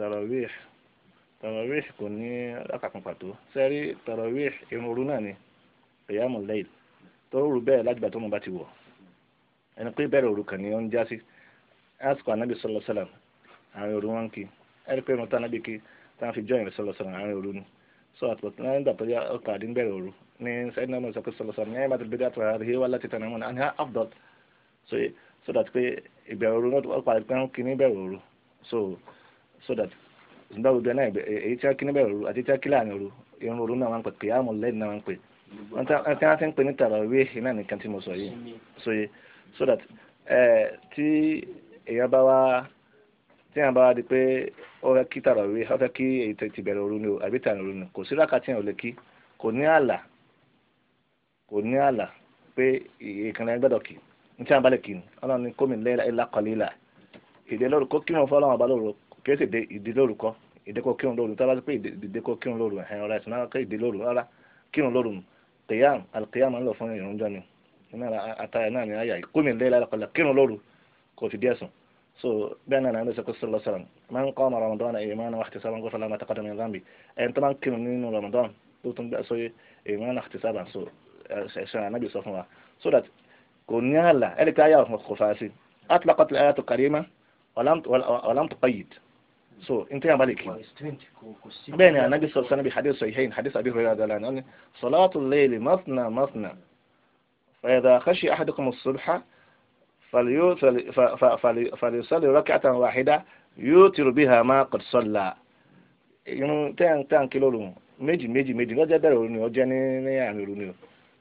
tarawih tarawih kò ní akàkùn pàtó sẹ́rí tarawih irun ni qiyam al-layl tó rú bẹ́ẹ̀ lágbà tó mo bá ti wọ̀ ẹni pé bẹ́ẹ̀ òru kàn ní ó ń já sí sallallahu alaihi wasallam àárín òru wọn kì ẹni pé irun tá anábì kì fi jọyìn sallallahu alaihi wasallam àárín òru ni so àtúntò náà ń dàpọ̀ yá ọkọ̀ àdín bẹ̀rẹ̀ òru ní sẹ́yìn náà mo sọ pé sallallahu alaihi wasallam ní ẹ̀yẹ́ bá ti bẹ́ẹ̀ àtúrà rẹ̀ wá afdal so so that pé ìbẹ̀rẹ̀ òru náà ọkọ̀ àdín bẹ̀rẹ̀ òru so so that ìgbà gbogbo náà èyí tí a bẹ̀rẹ̀ ru àti tí akínú àná na irun ru náà wọ́n ń pè na lẹ́yìn náà wọ́n ń pè wọ́n ti wọ́n ti ń pè ní tàràwíì iná nìkan tí mo sọ yìí so yìí so that èèyàn bá èèyàn bá di pé ó fẹ́ kí ó fẹ́ kí èyí ti bẹ̀rẹ̀ ni o àbí ni kò sí ò lè kí kò ní àlà kò ní àlà pé ìkànnì gbọ́dọ̀ kì ní bá lè kì ní ọlọ́run ni kọ́lí kìí ṣe ìdí lóru kọ́ ìdí kó kírun lóru tábà pé ìdí kó kírun lóru ẹ̀hìn ọ̀rẹ́ ìsìn náà kó ìdí lóru rárá kírun lóru nù kìyàm alikiyam ń lọ fún ìrún jọ ni iná àtàyà náà ni àyà kúmi lé lárakọlá kírun lóru kò fi díẹ̀ sùn so bẹ́ẹ̀ náà nàánú sẹ́kọ̀ sọ́lọ́ sọ́lọ́ máa ń kọ́ ọmọ ramadan èyí máa ń wáxtí sábà ń gbọ́fẹ́ láwọn àtàkọ́dọ̀ mi zambi ẹni tó máa ń so n tẹ́yàn bá lè kí i bẹ́ẹ̀ ni anabi sọ sani bi hadith sahihain hadith abi hurairah dala ni wani salatu layli masna masna fayada kashi ahadukum subha falyusali rakatan wahida yutiru biha ma qad salla irun tẹ́yàn tẹ́yàn kí lóru méjì méjì méjì lọ́jọ́ bẹ̀rẹ̀ òru ni ọjọ́ ní ní àmì òru ni o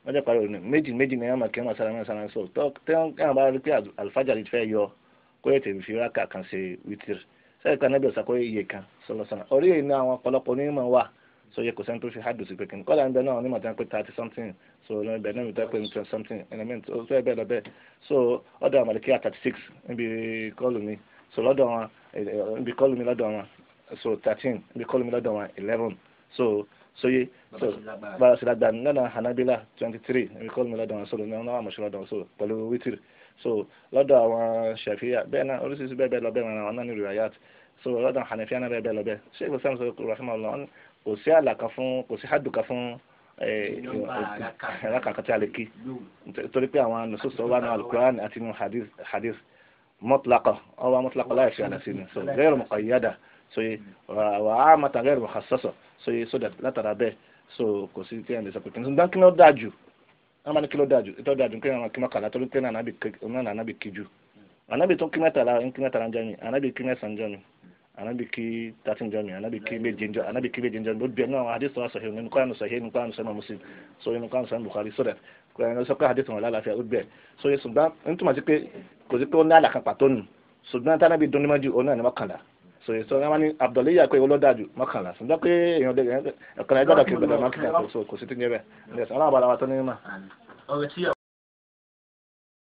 lọ́jọ́ parí òru ni méjì méjì ni yàrá kẹ́hìn masara masara sọ tẹ́yàn bá rí pé alifájà lè fẹ́ yọ kó tèmi fi rákà kan ṣe wítìrì sẹ́yìn kan níbi ọ̀sàkó iye kan sọlọ́sàn orí èyí ni àwọn ọ̀pọ̀lọpọ̀ onímọ̀ wà so yẹ kò sẹ́ni tó fi hádùn sí pé kí ni kọ́lá ń bẹ náà onímọ̀ tí pé thirty something so ibẹ̀ náà mi pé twenty something element ó fẹ́ bẹ́ẹ̀ lọ so ọ̀dọ̀ àmàlìkíyà thirty six níbi kọ́ọ̀lù mi so lọ́dọ̀ wọn níbi kọ́ọ̀lù mi lọ́dọ̀ wọn so thirteen níbi kọ́ọ̀lù mi lọ́dọ̀ wọn eleven so soye so bàbá sílágbà nínú Hanabila twenty three níbi kọ́ọ̀lù mi lọ́dọ̀ wọn so lọ́dọ̀ wọn àmọ̀ṣẹ́ lọ́dọ̀ wọn so pẹ̀lú wítìrì so lọ́dọ̀ àwọn ṣàfíà bẹ́ẹ̀ náà oríṣiríṣi bẹ́ẹ̀ bẹ́ẹ̀ lọ bẹ́ẹ̀ wọn náà ní rìwáyàt so lọ́dọ̀ hànàfíà náà bẹ́ẹ̀ bẹ́ẹ̀ lọ bẹ́ẹ̀ ṣé kò sẹ́mi sọ rahimahullah kò sí àlàkà fún kò sí hàdùkà fún alákàkàtà àlekí torí pé àwọn nùsùsù wà nù alukur'an àti nù hadith mọ́tìlákọ̀ ọwọ́ mọ́tìlákọ̀ láì fi àlàsí ni so gẹ́rù mọ̀kànyádà so wà á mọ̀tà gẹ́rù mọ̀kàsọ́sọ̀ so yẹ sódà látara bẹ́ẹ̀ so kò sí kí ẹ̀ lè sọ pé kí n dákínlọ́ dáa wọn bá ní kí ló dájú ìtọ́ dájú kala wọn kí mọ́kànlá torí pé náà nàbì kíjú ànábì tó kí mẹ́tàlá ń kí mẹ́tàlá ń jọ mi ànábì kí mẹ́sàn-án jọ mi ànábì kí tàtí ń jọ mi ànábì kí méje ń jọ ànábì kí méje ń jọ mi ó bí ẹnu àwọn hadith wa sahih nínú kọ́ra nùsọ̀hẹ́ nínú kọ́ra nùsọ̀hẹ́ so nínú kọ́ra nùsọ̀hẹ́ Bukhari sọ̀rọ̀ ẹni sọ pé hadith wọn lálàáfíà ó so ṣùgbọ́n nítorí pé kò sí pé ó ní àlàkàn pàtó nù ṣùgbọ́n tánábì dún níwájú òun náà ní mọ́kànlá so èso ẹ wọn ní abdulayi yà pé owó ló dájú mọ́kànlá sọ pé èèyàn ọdẹ ẹ̀kan ẹgbẹ́ ọ̀dọ̀ kìí gbọdọ̀ mọ́kànlá kò sí ti ń yẹ bẹ́ẹ̀ ọlọ́run àbálá wa tó ní mọ̀.